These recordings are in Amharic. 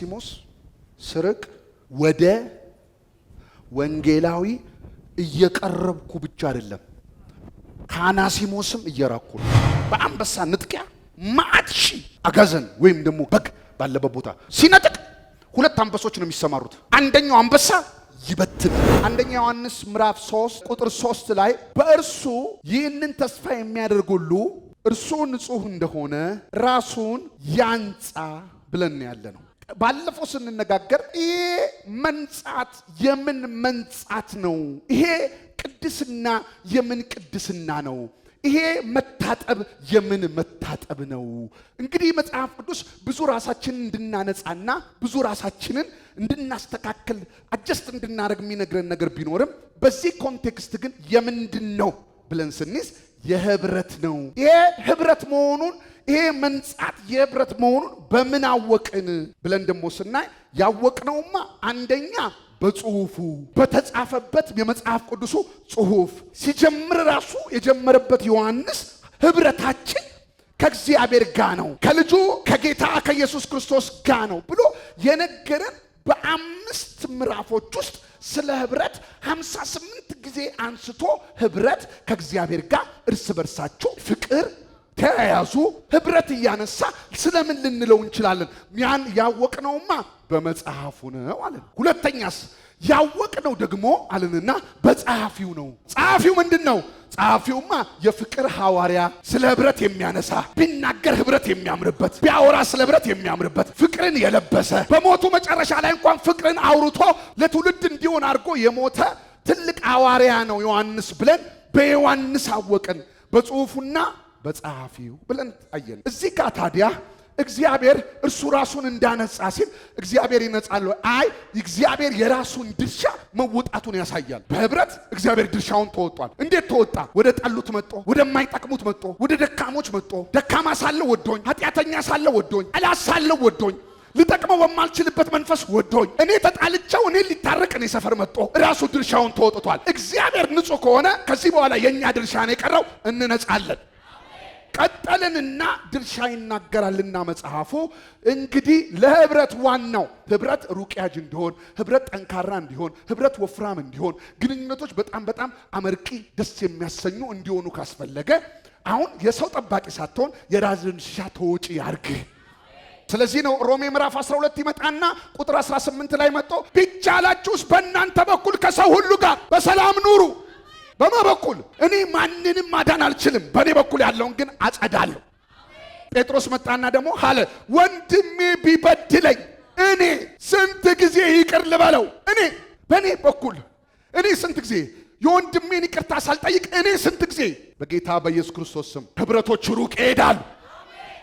ጌራሲሞስ ስርቅ ወደ ወንጌላዊ እየቀረብኩ ብቻ አይደለም፣ ከአናሲሞስም እየራኩ ነው። በአንበሳ ንጥቂያ ማአት ሺ አጋዘን ወይም ደግሞ በግ ባለበት ቦታ ሲነጥቅ ሁለት አንበሶች ነው የሚሰማሩት። አንደኛው አንበሳ ይበትን። አንደኛ ዮሐንስ ምዕራፍ 3 ቁጥር 3 ላይ በእርሱ ይህንን ተስፋ የሚያደርግ ሁሉ እርሱ ንጹሕ እንደሆነ ራሱን ያንጻ ብለን ያለ ነው። ባለፈው ስንነጋገር ይሄ መንጻት የምን መንጻት ነው? ይሄ ቅድስና የምን ቅድስና ነው? ይሄ መታጠብ የምን መታጠብ ነው? እንግዲህ መጽሐፍ ቅዱስ ብዙ ራሳችንን እንድናነጻና ብዙ ራሳችንን እንድናስተካከል አጀስት እንድናደርግ የሚነግረን ነገር ቢኖርም በዚህ ኮንቴክስት ግን የምንድን ነው ብለን ስንይዝ የህብረት ነው። ይሄ ህብረት መሆኑን ይሄ መንጻት የህብረት መሆኑን በምን አወቅን ብለን ደግሞ ስናይ ያወቅነውማ አንደኛ በጽሁፉ በተጻፈበት የመጽሐፍ ቅዱሱ ጽሁፍ ሲጀምር ራሱ የጀመረበት ዮሐንስ ህብረታችን ከእግዚአብሔር ጋር ነው፣ ከልጁ ከጌታ ከኢየሱስ ክርስቶስ ጋር ነው ብሎ የነገረን በአምስት ምዕራፎች ውስጥ ስለ ህብረት 58 ስምንት ጊዜ አንስቶ ህብረት ከእግዚአብሔር ጋር እርስ በርሳችሁ ፍቅር ተያያዙ ህብረት እያነሳ ስለምን ልንለው እንችላለን? ያን ያወቅነውማ በመጽሐፉ ነው አለን። ሁለተኛስ ያወቅነው ደግሞ አለንና በጸሐፊው ነው። ጸሐፊው ምንድን ነው? ጸሐፊውማ የፍቅር ሐዋርያ ስለ ህብረት የሚያነሳ ቢናገር ህብረት የሚያምርበት ቢያወራ ስለ ህብረት የሚያምርበት ፍቅርን የለበሰ በሞቱ መጨረሻ ላይ እንኳን ፍቅርን አውርቶ ለትውልድ እንዲሆን አድርጎ የሞተ ትልቅ ሐዋርያ ነው ዮሐንስ ብለን በዮሐንስ አወቅን በጽሑፉና በጸሐፊው ብለን አየን። እዚህ ጋር ታዲያ እግዚአብሔር እርሱ ራሱን እንዳነጻ ሲል እግዚአብሔር ይነጻል። አይ እግዚአብሔር የራሱን ድርሻ መወጣቱን ያሳያል። በህብረት እግዚአብሔር ድርሻውን ተወጧል። እንዴት ተወጣ? ወደ ጠሉት መጦ፣ ወደማይጠቅሙት መጦ፣ ወደ ደካሞች መጦ። ደካማ ሳለ ወዶኝ፣ ኃጢአተኛ ሳለ ወዶኝ፣ ጠላት ሳለ ወዶኝ ልጠቅመው በማልችልበት መንፈስ ወዶኝ እኔ ተጣልቻው እኔ ሊታረቅ እኔ ሰፈር መጦ ራሱ ድርሻውን ተወጥቷል። እግዚአብሔር ንጹህ ከሆነ ከዚህ በኋላ የእኛ ድርሻ ነው የቀረው፣ እንነጻለን። ቀጠልንና ድርሻ ይናገራልና መጽሐፉ እንግዲህ ለህብረት ዋናው ህብረት ሩቅያጅ እንዲሆን፣ ህብረት ጠንካራ እንዲሆን፣ ህብረት ወፍራም እንዲሆን፣ ግንኙነቶች በጣም በጣም አመርቂ ደስ የሚያሰኙ እንዲሆኑ ካስፈለገ አሁን የሰው ጠባቂ ሳትሆን የራዝን ድርሻ ተወጪ ያርግህ። ስለዚህ ነው ሮሜ ምዕራፍ 12 ይመጣና ቁጥር 18 ላይ መጥቶ ቢቻላችሁስ በእናንተ በኩል ከሰው ሁሉ ጋር በሰላም ኑሩ በማ በኩል እኔ ማንንም ማዳን አልችልም፣ በእኔ በኩል ያለውን ግን አጸዳለሁ። ጴጥሮስ መጣና ደግሞ አለ ወንድሜ ቢበድለኝ እኔ ስንት ጊዜ ይቅር ልበለው? እኔ በእኔ በኩል እኔ ስንት ጊዜ የወንድሜን ይቅርታ ሳልጠይቅ እኔ ስንት ጊዜ በጌታ በኢየሱስ ክርስቶስ ስም ህብረቶች ሩቅ ይሄዳሉ።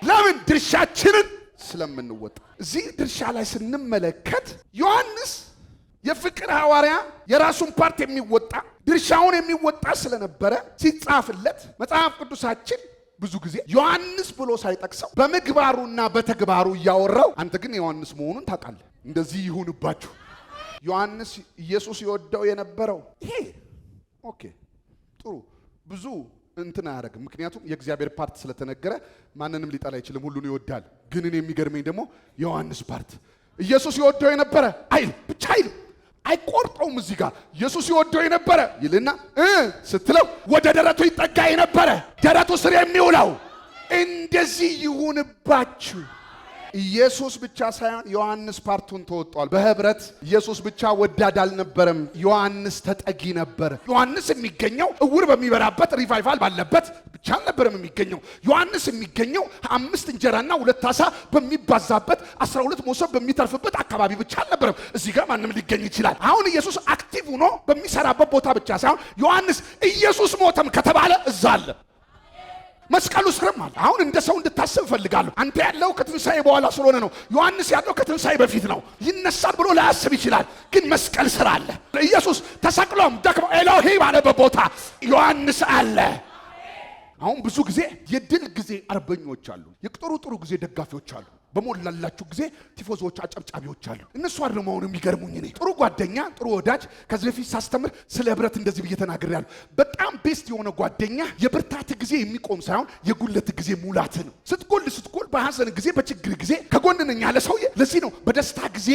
ለምን ድርሻችንን ስለምንወጣ። እዚህ ድርሻ ላይ ስንመለከት ዮሐንስ የፍቅር ሐዋርያ የራሱን ፓርት የሚወጣ ድርሻውን የሚወጣ ስለነበረ ሲጻፍለት መጽሐፍ ቅዱሳችን ብዙ ጊዜ ዮሐንስ ብሎ ሳይጠቅሰው በምግባሩና በተግባሩ እያወራው አንተ ግን ዮሐንስ መሆኑን ታውቃለህ። እንደዚህ ይሁንባችሁ። ዮሐንስ ኢየሱስ ይወደው የነበረው ይሄ ኦኬ፣ ጥሩ ብዙ እንትን አያደርግም። ምክንያቱም የእግዚአብሔር ፓርት ስለተነገረ ማንንም ሊጠላ አይችልም፣ ሁሉን ይወዳል። ግን እኔ የሚገርመኝ ደግሞ የዮሐንስ ፓርት ኢየሱስ ይወደው የነበረ አይል ብቻ አይልም አይቆርጠውም። እዚህ ጋር ኢየሱስ ይወደው የነበረ ይልና ስትለው ወደ ደረቱ ይጠጋ የነበረ ደረቱ ስር የሚውለው እንደዚህ ይሁንባችሁ። ኢየሱስ ብቻ ሳይሆን ዮሐንስ ፓርቱን ተወጧል። በህብረት ኢየሱስ ብቻ ወዳድ አልነበረም፣ ዮሐንስ ተጠጊ ነበር። ዮሐንስ የሚገኘው እውር በሚበራበት ሪቫይቫል ባለበት ብቻ አልነበረም የሚገኘው። ዮሐንስ የሚገኘው አምስት እንጀራና ሁለት አሳ በሚባዛበት አስራ ሁለት መሶብ በሚተርፍበት አካባቢ ብቻ አልነበረም። እዚህ ጋር ማንም ሊገኝ ይችላል። አሁን ኢየሱስ አክቲቭ ሆኖ በሚሰራበት ቦታ ብቻ ሳይሆን ዮሐንስ ኢየሱስ ሞተም ከተባለ እዛ አለ። መስቀሉ ስርም አለ። አሁን እንደ ሰው እንድታስብ እፈልጋለሁ። አንተ ያለው ከትንሣኤ በኋላ ስለሆነ ነው። ዮሐንስ ያለው ከትንሣኤ በፊት ነው። ይነሳል ብሎ ላያስብ ይችላል፣ ግን መስቀል ስር አለ። ኢየሱስ ተሰቅሎም ደክሞ ኤሎሂ ባለበት ቦታ ዮሐንስ አለ። አሁን ብዙ ጊዜ የድል ጊዜ አርበኞች አሉ፣ የጥሩ ጥሩ ጊዜ ደጋፊዎች አሉ። በሞላላችሁ ጊዜ ቲፎዞዎች፣ አጨብጫቢዎች አሉ። እነሱ አይደለም መሆኑ የሚገርሙኝ። እኔ ጥሩ ጓደኛ፣ ጥሩ ወዳጅ ከዚህ በፊት ሳስተምር ስለ ህብረት እንደዚህ ብዬ ተናግሬያለሁ። በጣም ቤስት የሆነ ጓደኛ የብርታት ጊዜ የሚቆም ሳይሆን የጉለት ጊዜ ሙላት ነው። ስትጎል ስትጎል፣ በሐዘን ጊዜ፣ በችግር ጊዜ ከጎንነኛ ለሰውዬ ለዚህ ነው በደስታ ጊዜ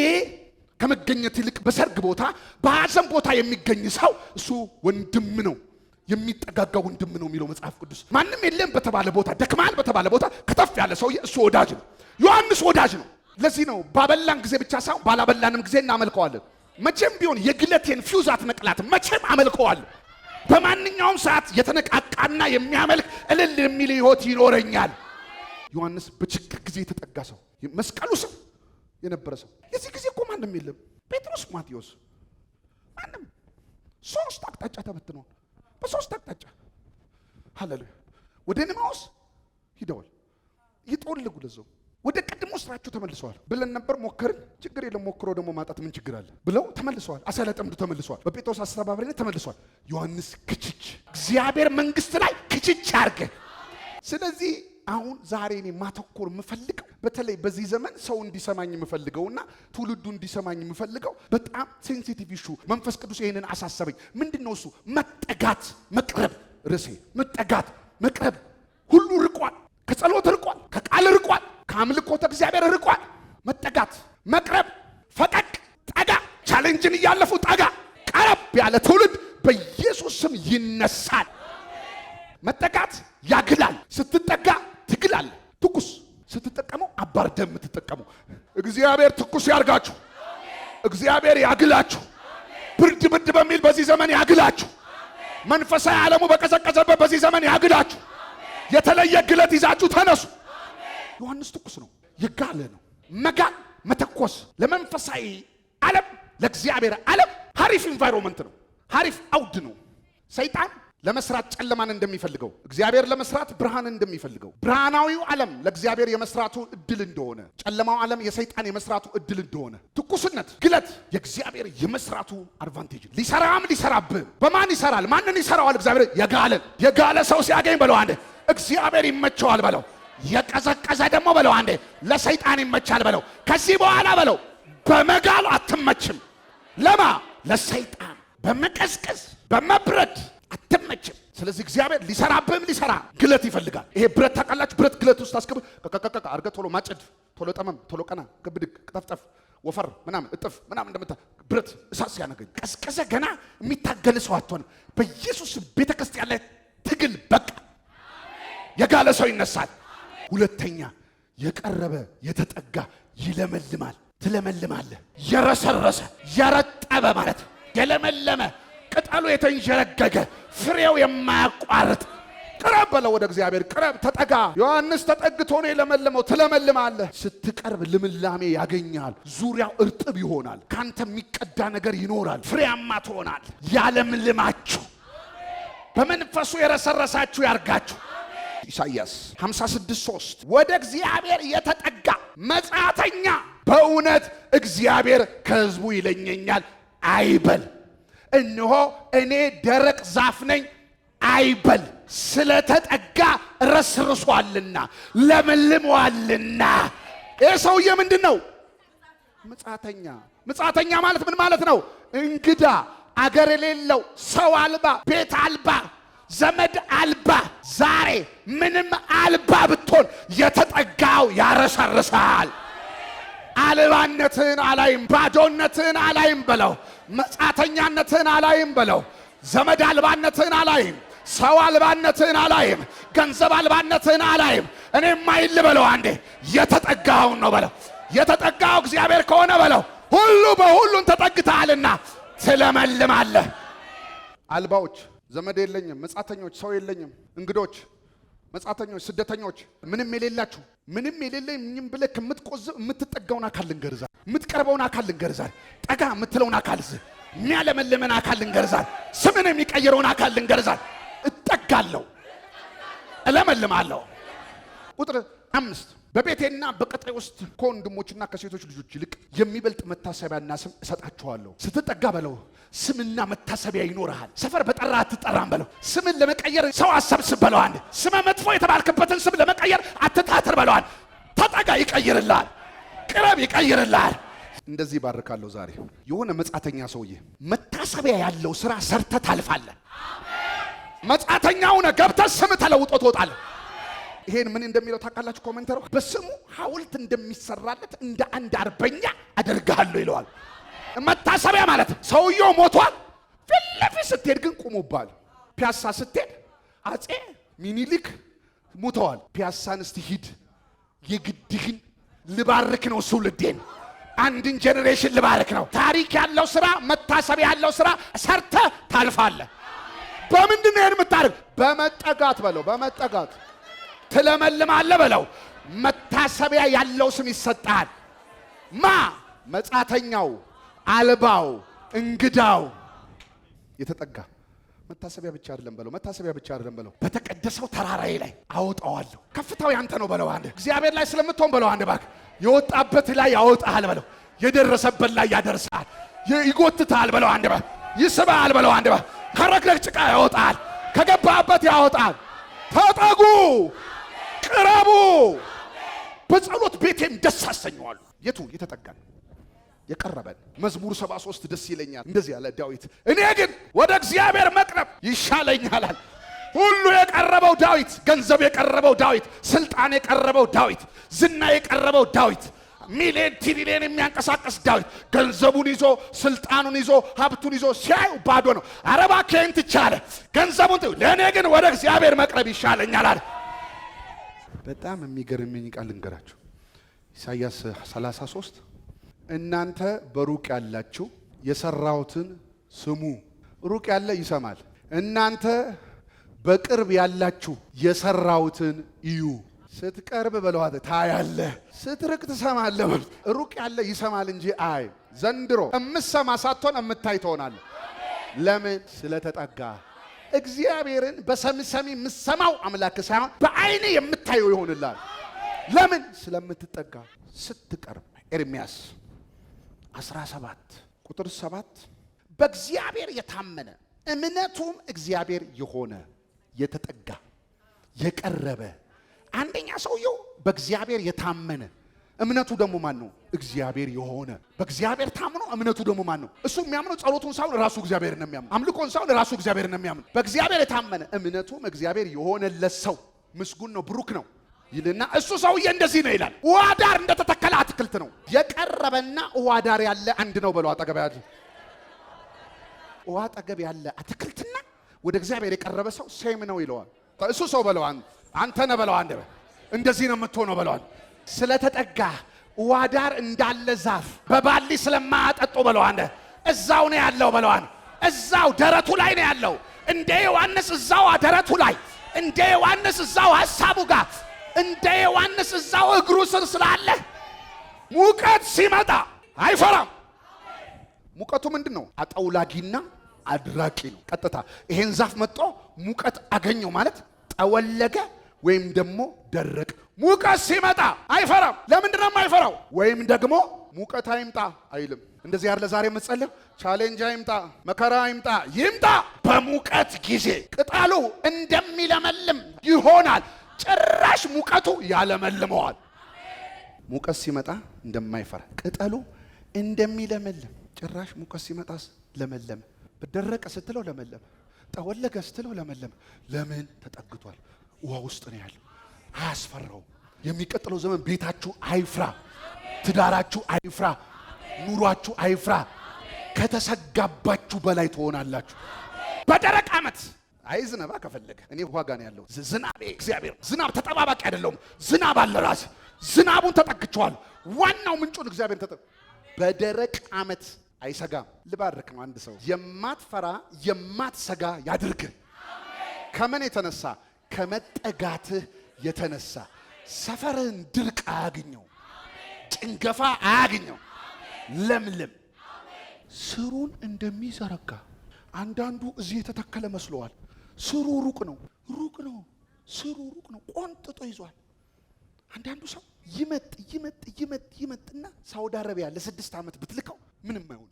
ከመገኘት ይልቅ በሰርግ ቦታ በሐዘን ቦታ የሚገኝ ሰው እሱ ወንድም ነው። የሚጠጋጋ ወንድም ነው የሚለው መጽሐፍ ቅዱስ። ማንም የለም በተባለ ቦታ፣ ደክማል በተባለ ቦታ ከተፍ ያለ ሰውዬ እሱ ወዳጅ ነው። ዮሐንስ ወዳጅ ነው። ለዚህ ነው ባበላን ጊዜ ብቻ ሳይሆን ባላበላንም ጊዜ እናመልከዋለን። መቼም ቢሆን የግለቴን ፊውዛት መቅላት መቼም አመልከዋለሁ። በማንኛውም ሰዓት የተነቃቃና የሚያመልክ እልል የሚል ህይወት ይኖረኛል። ዮሐንስ በችግር ጊዜ የተጠጋ ሰው፣ መስቀሉ ስር የነበረ ሰው። የዚህ ጊዜ እኮ ማንም የለም። ጴጥሮስ፣ ማቴዎስ ማንም ሶስት አቅጣጫ ተበትነዋል። በሶስት አቅጣጫ ሃሌሉያ ወደ ኤማሁስ ሂደዋል። ይጠወልጉ ለዛው ወደ ቀድሞ ስራቸው ተመልሰዋል ብለን ነበር። ሞከርን፣ ችግር የለም ሞክሮ ደግሞ ማጣት ምን ችግር አለ ብለው ተመልሰዋል። አሳላ ጠምዱ ተመልሰዋል። በጴጥሮስ አስተባባሪነት ተመልሰዋል። ዮሐንስ ክችች እግዚአብሔር መንግስት ላይ ክችች አርገ ስለዚህ አሁን ዛሬ እኔ ማተኮር የምፈልገው በተለይ በዚህ ዘመን ሰው እንዲሰማኝ እና ትውልዱ እንዲሰማኝ የምፈልገው በጣም ሴንሲቲቭ ኢሹ፣ መንፈስ ቅዱስ ይህንን አሳሰበኝ። ምንድን ነው እሱ? መጠጋት መቅረብ። ርሴ መጠጋት መቅረብ። ሁሉ ርቋል፣ ከጸሎት ርቋል፣ ከቃል ርቋል፣ ከአምልኮተ እግዚአብሔር ርቋል። መጠጋት መቅረብ፣ ፈቀቅ ጠጋ፣ ቻሌንጅን እያለፉ ጠጋ፣ ቀረብ ያለ ትውልድ በኢየሱስ ስም ይነሳል። መጠጋት ያግላል። ስትጠጋ ትግል አለ። ትኩስ ስትጠቀመው አባርደ የምትጠቀመው እግዚአብሔር ትኩስ ያርጋችሁ። እግዚአብሔር ያግላችሁ። ብርድ ብርድ በሚል በዚህ ዘመን ያግላችሁ። መንፈሳዊ ዓለሙ በቀዘቀዘበት በዚህ ዘመን ያግላችሁ። የተለየ ግለት ይዛችሁ ተነሱ። ዮሐንስ ትኩስ ነው፣ የጋለ ነው። መጋል መተኮስ ለመንፈሳዊ ዓለም ለእግዚአብሔር ዓለም ሀሪፍ ኢንቫይሮንመንት ነው፣ ሀሪፍ አውድ ነው። ሰይጣን ለመስራት ጨለማን እንደሚፈልገው እግዚአብሔር ለመስራት ብርሃን እንደሚፈልገው ብርሃናዊው ዓለም ለእግዚአብሔር የመስራቱ እድል እንደሆነ ጨለማው ዓለም የሰይጣን የመስራቱ እድል እንደሆነ ትኩስነት፣ ግለት የእግዚአብሔር የመስራቱ አድቫንቴጅ ሊሰራም ሊሰራብህ በማን ይሰራል? ማንን ይሰራዋል? እግዚአብሔር የጋለ የጋለ ሰው ሲያገኝ በለው አንዴ እግዚአብሔር ይመቸዋል በለው። የቀዘቀዘ ደግሞ በለው አንዴ ለሰይጣን ይመቻል በለው። ከዚህ በኋላ በለው በመጋል አትመችም። ለማ ለሰይጣን በመቀዝቀዝ በመብረድ አትመችም። ስለዚህ እግዚአብሔር ሊሰራብህም ሊሰራ ግለት ይፈልጋል። ይሄ ብረት ታውቃላችሁ፣ ብረት ግለት ውስጥ አስገብ ከከከከ አርገ ቶሎ ማጨድ፣ ቶሎ ጠመም፣ ቶሎ ቀና፣ ግብድግ፣ ጠፍጠፍ፣ ወፈር ምናምን እጥፍ ምናምን እንደምታ ብረት እሳት ሲያነገኝ ቀዝቀዘ ገና የሚታገል ሰው አትሆንም። በኢየሱስ ቤተ ክርስቲያን ላይ ትግል በቃ የጋለ ሰው ይነሳል። ሁለተኛ የቀረበ የተጠጋ ይለመልማል። ትለመልማለህ። የረሰረሰ የረጠበ ማለት የለመለመ ቅጠሉ የተንዠረገገ ፍሬው የማያቋርጥ ቅረብ በለው፣ ወደ እግዚአብሔር ቅረብ፣ ተጠጋ። ዮሐንስ ተጠግቶ ነው የለመለመው። ትለመልማለህ። ስትቀርብ ልምላሜ ያገኛል። ዙሪያው እርጥብ ይሆናል። ካንተ የሚቀዳ ነገር ይኖራል። ፍሬያማ ትሆናል። ያለምልማችሁ በመንፈሱ የረሰረሳችሁ ያርጋችሁ። ኢሳይያስ 56፥3 ወደ እግዚአብሔር የተጠጋ መጻተኛ በእውነት እግዚአብሔር ከህዝቡ ይለኘኛል አይበል እነሆ እኔ ደረቅ ዛፍ ነኝ አይበል ስለተጠጋ ረስርሷልና ለምልሟልና። ይህ ሰውዬ ምንድን ነው? ምጻተኛ። ምጻተኛ ማለት ምን ማለት ነው? እንግዳ፣ አገር የሌለው፣ ሰው አልባ፣ ቤት አልባ፣ ዘመድ አልባ። ዛሬ ምንም አልባ ብትሆን የተጠጋው ያረሰርሳል። አልባነትህን አላይም፣ ባዶነትህን አላይም በለው። መጻተኛነትህን አላይም በለው። ዘመድ አልባነትህን አላይም፣ ሰው አልባነትህን አላይም፣ ገንዘብ አልባነትህን አላይም። እኔ ማይል በለው። አንዴ የተጠጋኸውን ነው በለው። የተጠጋው እግዚአብሔር ከሆነ በለው። ሁሉ በሁሉን ተጠግተሃልና ትለመልማለህ። አልባዎች፣ ዘመድ የለኝም፣ መጻተኞች፣ ሰው የለኝም፣ እንግዶች መጻተኞች፣ ስደተኞች፣ ምንም የሌላችሁ ምንም የሌለኝም ብለህ ከምትቆዝብ የምትጠጋውን አካል ልንገር ዛሬ፣ የምትቀርበውን አካል ልንገር ጠጋ የምትለውን አካል ዝ የሚያለመልመን አካል ልንገር ዛሬ፣ ስምን የሚቀይረውን አካል ልንገር እጠጋለሁ፣ እለመልማለሁ። ቁጥር አምስት በቤቴና በቅጥሬ ውስጥ ከወንድሞችና ከሴቶች ልጆች ይልቅ የሚበልጥ መታሰቢያና ስም እሰጣችኋለሁ። ስትጠጋ በለው ስምና መታሰቢያ ይኖርሃል። ሰፈር በጠራ አትጠራም በለው። ስምን ለመቀየር ሰው አሰብስብ በለው። አንድ ስመ መጥፎ የተባልክበትን ስም ለመቀየር አትታትር በለዋል። ተጠጋ ይቀይርልሃል። ቅረብ ይቀይርልሃል። እንደዚህ ይባርካለሁ። ዛሬ የሆነ መጻተኛ ሰውዬ መታሰቢያ ያለው ስራ ሰርተ ታልፋለህ። መጻተኛው ሆነ ገብተ ስም ተለውጦ ትወጣለህ። ይሄን ምን እንደሚለው ታውቃላችሁ? ኮመንተሩ በስሙ ሐውልት እንደሚሰራለት እንደ አንድ አርበኛ አደርግሃለሁ ይለዋል። መታሰቢያ ማለት ሰውየው ሞቷል። ፊት ለፊት ስትሄድ ግን ቁሙባል። ፒያሳ ስትሄድ አፄ ሚኒሊክ ሙተዋል። ፒያሳን እስቲ ሂድ የግድህን ልባርክ ነው ትውልዴን አንድን ጀኔሬሽን ልባርክ ነው። ታሪክ ያለው ስራ፣ መታሰቢያ ያለው ስራ ሰርተ ታልፋለህ። በምንድን ነው ይሄን የምታደርግ? በመጠጋት በለው፣ በመጠጋት ትለመልማለ በለው። መታሰቢያ ያለው ስም ይሰጣል። ማ መጻተኛው፣ አልባው፣ እንግዳው የተጠጋ መታሰቢያ ብቻ አይደለም በለው። መታሰቢያ ብቻ አይደለም በለው። በተቀደሰው ተራራዬ ላይ አወጣዋለሁ። ከፍታው ያንተ ነው በለው። አንድ እግዚአብሔር ላይ ስለምትሆን በለው። አንድ ባክ የወጣበት ላይ ያወጣሃል በለው። የደረሰበት ላይ ያደርሳል። ይጎትታል በለው። አንድ ባክ ይስባል በለው። አንድ ባክ ከረግረግ ጭቃ ያወጣል። ከገባበት ያወጣል። ተጠጉ ቅረቡ። በጸሎት ቤቴም ደስ አሰኘዋሉ። የቱ የተጠጋን የቀረበን መዝሙር 73 ደስ ይለኛል። እንደዚህ ያለ ዳዊት እኔ ግን ወደ እግዚአብሔር መቅረብ ይሻለኛል። ሁሉ የቀረበው ዳዊት፣ ገንዘብ የቀረበው ዳዊት፣ ስልጣን የቀረበው ዳዊት፣ ዝና የቀረበው ዳዊት ሚሊየን ትሪሊየን የሚያንቀሳቀስ ዳዊት ገንዘቡን ይዞ ስልጣኑን ይዞ ሀብቱን ይዞ ሲያዩ ባዶ ነው። አረባ ኬንት ይቻለ ገንዘቡን ለእኔ ግን ወደ እግዚአብሔር መቅረብ ይሻለኛል አለ። በጣም የሚገርመኝ ቃል ልንገራችሁ። ኢሳያስ 33 እናንተ በሩቅ ያላችሁ የሰራሁትን ስሙ። ሩቅ ያለ ይሰማል። እናንተ በቅርብ ያላችሁ የሰራሁትን እዩ። ስትቀርብ በለዋት ታያለ፣ ስትርቅ ትሰማለ። ሩቅ ያለ ይሰማል እንጂ አይ ዘንድሮ እምትሰማ ሳትሆን እምታይ ትሆናለ። ለምን? ስለተጠጋ እግዚአብሔርን በሰምሰሚ የምሰማው አምላክ ሳይሆን በአይን የምታየው ይሆንላል። ለምን ስለምትጠጋ ስትቀርብ። ኤርሚያስ 17 ቁጥር 7 በእግዚአብሔር የታመነ እምነቱም እግዚአብሔር የሆነ የተጠጋ የቀረበ አንደኛ ሰውየው በእግዚአብሔር የታመነ እምነቱ ደግሞ ማን ነው? እግዚአብሔር የሆነ በእግዚአብሔር ታምኖ እምነቱ ደግሞ ማን ነው? እሱ የሚያምነው ጸሎቱን ሳይሆን ራሱ እግዚአብሔር ነው የሚያምነው። አምልኮን ሳይሆን ራሱ እግዚአብሔር ነው የሚያምነው። በእግዚአብሔር የታመነ እምነቱም እግዚአብሔር የሆነለት ሰው ምስጉን ነው፣ ብሩክ ነው ይልና እሱ ሰውዬ እንደዚህ ነው ይላል። ውሃ ዳር እንደተተከለ አትክልት ነው የቀረበና ውሃ ዳር ያለ አንድ ነው በለው። አጠገብ ያለ ውሃ አጠገብ ያለ አትክልትና ወደ እግዚአብሔር የቀረበ ሰው ሴም ነው ይለዋል። እሱ ሰው በለው አንተ ነህ በለው እንደዚህ ነው የምትሆነው በለዋል ስለተጠጋ ውሃ ዳር እንዳለ ዛፍ በባሊ ስለማያጠጡ በለዋን እዛው ነው ያለው። በለዋን እዛው ደረቱ ላይ ነው ያለው። እንደ ዮሐንስ እዛው ደረቱ ላይ፣ እንደ ዮሐንስ እዛው ሐሳቡ ጋር፣ እንደ ዮሐንስ እዛው እግሩ ስር ስላለ ሙቀት ሲመጣ አይፈራም። ሙቀቱ ምንድን ነው? አጠውላጊና አድራቂ ነው። ቀጥታ ይሄን ዛፍ መጥቶ ሙቀት አገኘው ማለት ጠወለገ ወይም ደግሞ ደረቅ ሙቀት ሲመጣ አይፈራም። ለምንድን ነው የማይፈራው? ወይም ደግሞ ሙቀት አይምጣ አይልም። እንደዚህ ያለ ዛሬ የምትጸልም ቻሌንጅ አይምጣ፣ መከራ አይምጣ፣ ይምጣ። በሙቀት ጊዜ ቅጠሉ እንደሚለመልም ይሆናል። ጭራሽ ሙቀቱ ያለመልመዋል። ሙቀት ሲመጣ እንደማይፈራ ቅጠሉ እንደሚለመልም ጭራሽ ሙቀት ሲመጣስ ለመለመ። በደረቀ ስትለው ለመለመ፣ ጠወለገ ስትለው ለመለመ። ለምን ተጠግቷል? ውሃ ውስጥ ነው ያለው። አያስፈራው። የሚቀጥለው ዘመን ቤታችሁ አይፍራ፣ ትዳራችሁ አይፍራ፣ ኑሯችሁ አይፍራ። ከተሰጋባችሁ በላይ ትሆናላችሁ። በደረቅ ዓመት አይ ዝነባ ከፈለገ እኔ ዋጋ ነው ያለው ዝናቤ እግዚአብሔር ዝናብ ተጠባባቂ አይደለውም። ዝናብ አለ ራስ ዝናቡን ተጠቅቸዋል። ዋናው ምንጩን እግዚአብሔር ተጠ በደረቅ ዓመት አይሰጋም። ልባርክ ነው አንድ ሰው የማትፈራ የማትሰጋ ያድርግ። ከምን የተነሳ ከመጠጋትህ የተነሳ ሰፈርህን ድርቅ አያግኘው፣ ጭንገፋ አያግኘው። ለምለም ስሩን እንደሚዘረጋ አንዳንዱ እዚህ የተተከለ መስለዋል። ስሩ ሩቅ ነው፣ ሩቅ ነው፣ ስሩ ሩቅ ነው። ቆንጥጦ ይዟል። አንዳንዱ ሰው ይመጥ ይመጥ ይመጥ ይመጥና ሳውዲ አረቢያ ለስድስት ዓመት ብትልከው ምንም አይሆንም።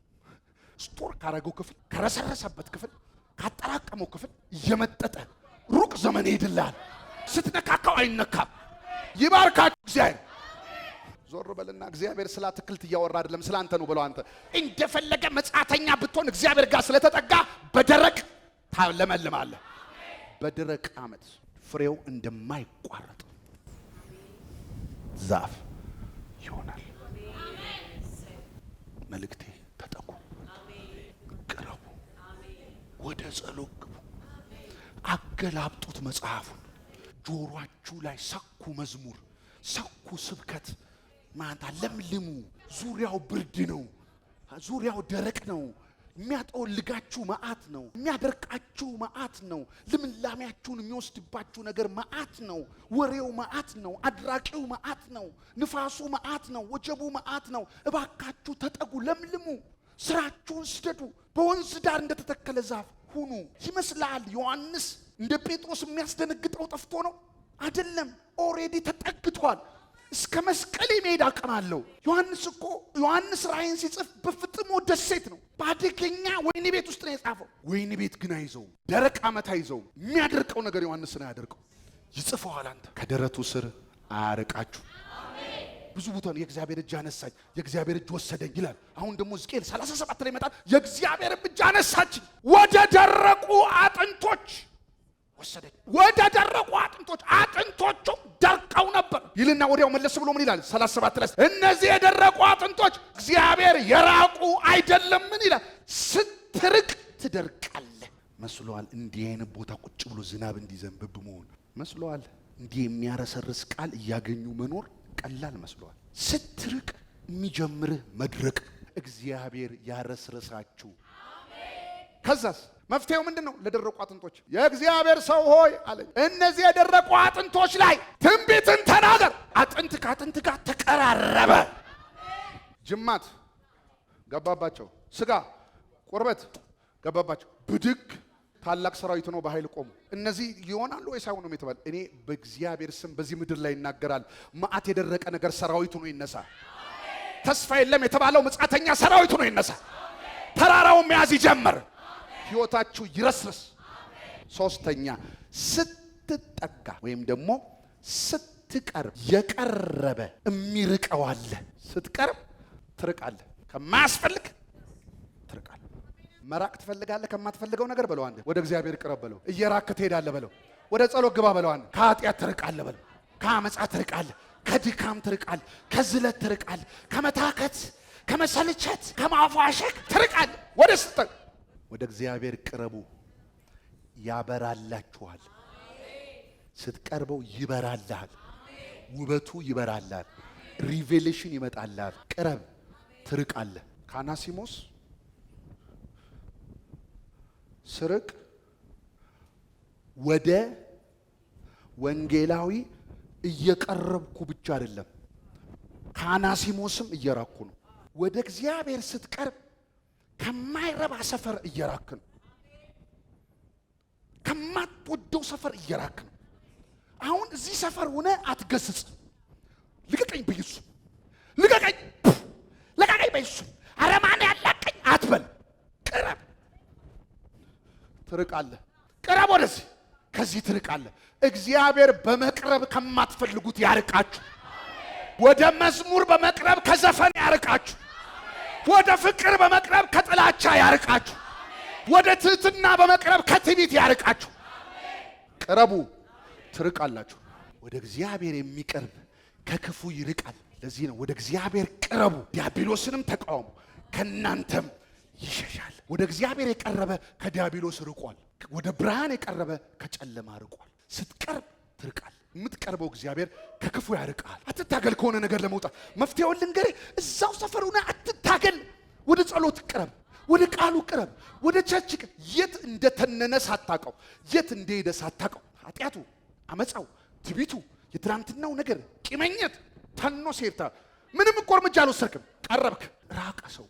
ስቶር ካረገው ክፍል ከረሰረሰበት ክፍል ካጠራቀመው ክፍል እየመጠጠ ሩቅ ዘመን ይሄድልሃል። ስትነካካው አይነካም። ይባርካችሁ እግዚአብሔር። ዞር በልና እግዚአብሔር ስለ አትክልት እያወራ አይደለም ስለ አንተ ነው ብለው አንተ እንደፈለገ መጻተኛ ብትሆን እግዚአብሔር ጋር ስለተጠጋ በደረቅ ታለመልማለህ። በደረቅ ዓመት ፍሬው እንደማይቋረጥ ዛፍ ይሆናል። መልእክቴ ተጠጉ፣ ቅረቡ፣ ወደ ጸሎት ግቡ፣ አገላብጡት መጽሐፉን ጆሮአችሁ ላይ ሰኩ መዝሙር፣ ሰኩ ስብከት ማታ ለምልሙ። ዙሪያው ብርድ ነው፣ ዙሪያው ደረቅ ነው። የሚያጠወልጋችሁ መዓት ነው። የሚያደርቃችሁ መዓት ነው። ልምላሜያችሁን የሚወስድባችሁ ነገር መዓት ነው። ወሬው መዓት ነው። አድራቂው መዓት ነው። ንፋሱ መዓት ነው። ወጀቡ መዓት ነው። እባካችሁ ተጠጉ፣ ለምልሙ፣ ስራችሁን ስደዱ። በወንዝ ዳር እንደተተከለ ዛፍ ሁኑ። ይመስላል ዮሐንስ እንደ ጴጥሮስ የሚያስደነግጠው ጠፍቶ ነው አይደለም። ኦሬዲ ተጠግቷል። እስከ መስቀል የመሄድ አቅም አለው። ዮሐንስ እኮ ዮሐንስ ራእይን ሲጽፍ በፍጥሞ ደሴት ነው፣ በአደገኛ ወይኒ ቤት ውስጥ ነው የጻፈው። ወይኒ ቤት ግን አይዘውም፣ ደረቅ ዓመት አይዘውም። የሚያደርቀው ነገር ዮሐንስን አያደርቀው። ይጽፈዋል። አንተ ከደረቱ ስር አያርቃችሁ። ብዙ ቦታ የእግዚአብሔር እጅ አነሳኝ፣ የእግዚአብሔር እጅ ወሰደኝ ይላል። አሁን ደግሞ ሕዝቅኤል 37 ላይ ይመጣል። የእግዚአብሔር እጅ አነሳችኝ ወደ ደረቁ አጥንቶች ወሰደች ወደ ደረቁ አጥንቶች አጥንቶቹም ደርቀው ነበር ይልና ወዲያው መለስ ብሎ ምን ይላል? 37 ላይ እነዚህ የደረቁ አጥንቶች እግዚአብሔር የራቁ አይደለምን ይላል። ስትርቅ ትደርቃለህ መስሏል። እንዲህ አይነት ቦታ ቁጭ ብሎ ዝናብ እንዲዘንብብ መሆን መስሏል። እንዲህ የሚያረሰርስ ቃል እያገኙ መኖር ቀላል መስሏል። ስትርቅ የሚጀምርህ መድረቅ እግዚአብሔር ያረስረሳችሁ ከዛስ መፍትሄው ምንድን ነው? ለደረቁ አጥንቶች የእግዚአብሔር ሰው ሆይ አለ፣ እነዚህ የደረቁ አጥንቶች ላይ ትንቢትን ተናገር። አጥንት ከአጥንት ጋር ተቀራረበ። ጅማት ገባባቸው፣ ስጋ ቁርበት ገባባቸው። ብድግ ታላቅ ሰራዊት ነው፣ በኃይል ቆሙ። እነዚህ ይሆናሉ ወይስ አይሆኑም የተባለ እኔ በእግዚአብሔር ስም በዚህ ምድር ላይ ይናገራል። መዓት የደረቀ ነገር ሰራዊቱ ነው ይነሳ። ተስፋ የለም የተባለው መጻተኛ ሰራዊቱ ነው ይነሳ። ተራራውን መያዝ ይጀምር። ህይወታችሁ ይረስርስ። ሶስተኛ ስትጠጋ ወይም ደግሞ ስትቀርብ የቀረበ የሚርቀው አለ። ስትቀርብ ትርቃለ፣ ከማያስፈልግ ትርቃለ። መራቅ ትፈልጋለ ከማትፈልገው ነገር በለው። አንድ ወደ እግዚአብሔር ቅረብ በለው። እየራክ ትሄዳለ በለው። ወደ ጸሎት ግባ በለው። አንድ ከኃጢአት ትርቃለ በለው። ከአመፃ ትርቃለ። ከድካም ትርቃል። ከዝለት ትርቃል። ከመታከት ከመሰልቸት ከማፏሸክ ትርቃል። ወደ ስጠቅ ወደ እግዚአብሔር ቅረቡ፣ ያበራላችኋል። ስትቀርበው ይበራልሃል፣ ውበቱ ይበራልሃል፣ ሪቬሌሽን ይመጣልሃል። ቅረብ፣ ትርቃለህ። ከአናሲሞስ ስርቅ ወደ ወንጌላዊ እየቀረብኩ ብቻ አይደለም፣ ከአናሲሞስም እየራኩ ነው። ወደ እግዚአብሔር ስትቀርብ ከማይረባ ሰፈር እየራክ ነው። ከማትወደው ሰፈር እየራክ ነው። አሁን እዚህ ሰፈር ሆነ አትገስጽ። ልቀቀኝ በኢየሱስ ልቀቀኝ፣ ልቀቀኝ በኢየሱስ አረማን ያላቀኝ አትበል። ቅረብ፣ ትርቃለህ። ቅረብ ወደዚህ፣ ከዚህ ትርቃለህ። እግዚአብሔር በመቅረብ ከማትፈልጉት ያርቃችሁ። ወደ መዝሙር በመቅረብ ከዘፈን ያርቃችሁ። ወደ ፍቅር በመቅረብ ከጥላቻ ያርቃችሁ። ወደ ትህትና በመቅረብ ከትዕቢት ያርቃችሁ። ቅረቡ፣ ትርቃላችሁ። ወደ እግዚአብሔር የሚቀርብ ከክፉ ይርቃል። ለዚህ ነው ወደ እግዚአብሔር ቅረቡ፣ ዲያብሎስንም ተቃውሙ፣ ከእናንተም ይሸሻል። ወደ እግዚአብሔር የቀረበ ከዲያብሎስ ርቋል። ወደ ብርሃን የቀረበ ከጨለማ ርቋል። ስትቀርብ ትርቃል። የምትቀርበው እግዚአብሔር ከክፉ ያርቃል። አትታገል ከሆነ ነገር ለመውጣት መፍትሄውን ልንገርህ። እዛው ሰፈር አትታገል። ወደ ጸሎት ቅረብ፣ ወደ ቃሉ ቅረብ፣ ወደ ቸርች የት እንደተነነ ሳታቀው፣ የት እንደሄደ ሳታቀው፣ ኃጢአቱ፣ አመፃው፣ ትቢቱ፣ የትናንትናው ነገር ቂመኘት ተኖ ሴርታ ምንም እኮ እርምጃ አልወሰድክም። ቀረብክ ራቀ ሰው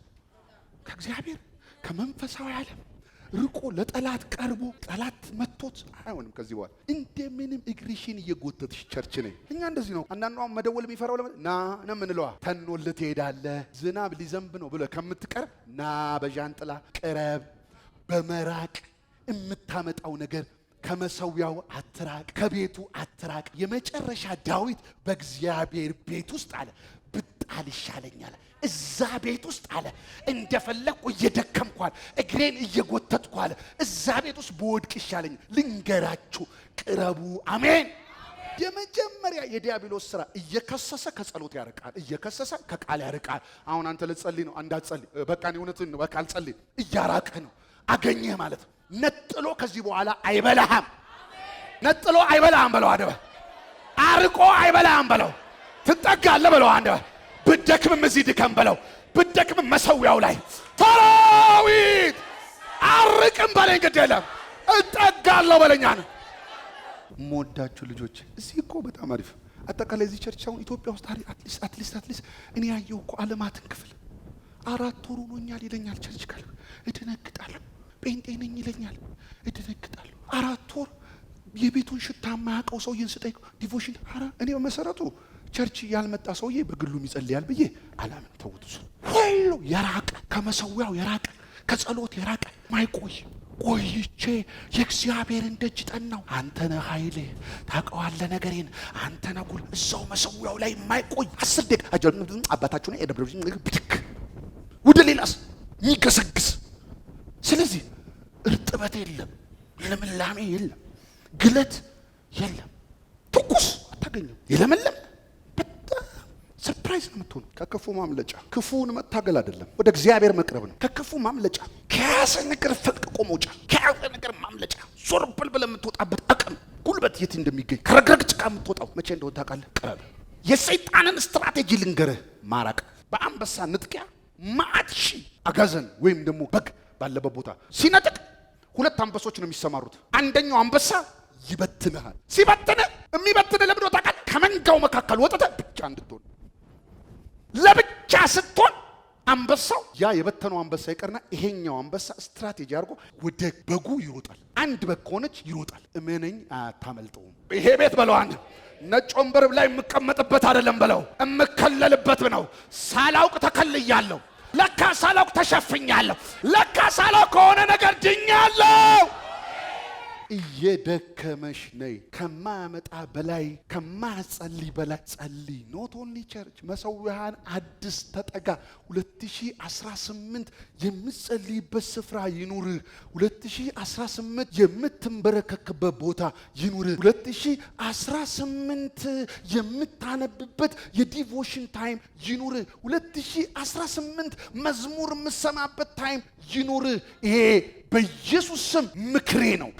ከእግዚአብሔር ከመንፈሳዊ ዓለም ርቆ ለጠላት ቀርቦ ጠላት መቶት አይሆንም። ከዚህ በኋላ እንደምንም እግሪሽን እየጎተትሽ ቸርች ነኝ። እኛ እንደዚህ ነው። አንዳንዷ መደወል የሚፈራው ና ነው ምንለዋ ተኖል ትሄዳለህ። ዝናብ ሊዘንብ ነው ብለህ ከምትቀርብ ና በዣንጥላ ቅረብ። በመራቅ የምታመጣው ነገር ከመሰዊያው አትራቅ፣ ከቤቱ አትራቅ። የመጨረሻ ዳዊት በእግዚአብሔር ቤት ውስጥ አለ ብጣል ይሻለኛል እዛ ቤት ውስጥ አለ እንደፈለግኩ እየደከምኳል እግሬን እየጎተትኳል። እዛ ቤት ውስጥ በወድቅ ይሻለኝ። ልንገራችሁ፣ ቅረቡ። አሜን። የመጀመሪያ የዲያብሎስ ስራ እየከሰሰ ከጸሎት ያርቃል፣ እየከሰሰ ከቃል ያርቃል። አሁን አንተ ልትጸልይ ነው፣ እንዳትጸልይ በቃ እውነትን ነው፣ በቃ አልጸልይ። እያራቀ ነው። አገኘህ ማለት ነው። ነጥሎ ከዚህ በኋላ አይበላህም። ነጥሎ አይበላህም በለው። አደበ አርቆ አይበላህም በለው። ትጠጋለህ በለው። አንደበ ብደክምም እዚህ ድከም በለው ብደክምም መሰዊያው ላይ ዳዊት አርቅም በለኝ ግድ የለም እጠጋለሁ በለኛ ነው ሞዳችሁ ልጆች እዚህ እኮ በጣም አሪፍ አጠቃላይ እዚህ ቸርች አሁን ኢትዮጵያ ውስጥ አትሊስት አትሊስት አትሊስት እኔ ያየው እኮ አለማትን ክፍል አራት ወር ሆኖኛል ይለኛል ቸርች ካለ እደነግጣለሁ ጴንጤ ነኝ ይለኛል እደነግጣለሁ አራት ወር የቤቱን ሽታ የማያውቀው ሰውዬን ስጠይቅ ዲቮሽን ኧረ እኔ በመሰረቱ ቸርች ያልመጣ ሰውዬ በግሉም ይጸልያል ብዬ አላምን። ተውት። ሁሉ የራቀ ከመሰዊያው የራቀ ከጸሎት የራቀ ማይቆይ ቆይቼ የእግዚአብሔርን ደጅ ጠናው። አንተነ ኃይሌ ታቀዋለ ነገሬን አንተነ ጉል እዛው መሰዊያው ላይ ማይቆይ አስር ደቂቃ አባታችሁ ደብረ ብትክ ወደ ሌላስ የሚገሰግስ ስለዚህ እርጥበት የለም፣ ልምላሜ የለም፣ ግለት የለም፣ ትኩስ አታገኘም። የለመለ ዲቫይስ የምትሆኑ። ከክፉ ማምለጫ ክፉውን መታገል አይደለም፣ ወደ እግዚአብሔር መቅረብ ነው። ከክፉ ማምለጫ ከያዘ ነገር ፈልቅቆ መውጫ፣ ከያዘ ነገር ማምለጫ ዞር ብል ብለህ የምትወጣበት አቅም ጉልበት የት እንደሚገኝ ከረግረግ ጭቃ የምትወጣው መቼ እንደሆነ ታውቃለህ። ቅረብ። የሰይጣንን ስትራቴጂ ልንገርህ ማራቅ። በአንበሳ ንጥቂያ ማአት አጋዘን ወይም ደግሞ በግ ባለበት ቦታ ሲነጥቅ ሁለት አንበሶች ነው የሚሰማሩት። አንደኛው አንበሳ ይበትንሃል። ሲበትንህ የሚበትንህ ለምዶ ታውቃለህ? ከመንጋው መካከል ወጥተህ ብቻ እንድትሆን ለብቻ ስትሆን አንበሳው ያ የበተነው አንበሳ ይቀርና ይሄኛው አንበሳ ስትራቴጂ አድርጎ ወደ በጉ ይሮጣል። አንድ በግ ከሆነች ይሮጣል። እመነኝ አታመልጠውም። ይሄ ቤት በለው አንድ ነጭ ወንበር ላይ የምቀመጥበት አይደለም በለው፣ የምከለልበት ነው። ሳላውቅ ተከልያለሁ። ለካ ሳላውቅ ተሸፍኛለሁ። ለካ ሳላውቅ ከሆነ ነገር ድኛለሁ። እየደከመሽ ነይ። ከማመጣ በላይ ከማጸልይ በላይ ጸልይ። ኖት ኦንሊ ቸርች መሰዊያን አዲስ ተጠጋ 2018 የምትጸልይበት ስፍራ ይኑርህ። 2018 የምትንበረከክበት ቦታ ይኑርህ። 2018 የምታነብበት የዲቮሽን ታይም ይኑርህ። 2018 መዝሙር የምሰማበት ታይም ይኑርህ። ይሄ በኢየሱስ ስም ምክሬ ነው።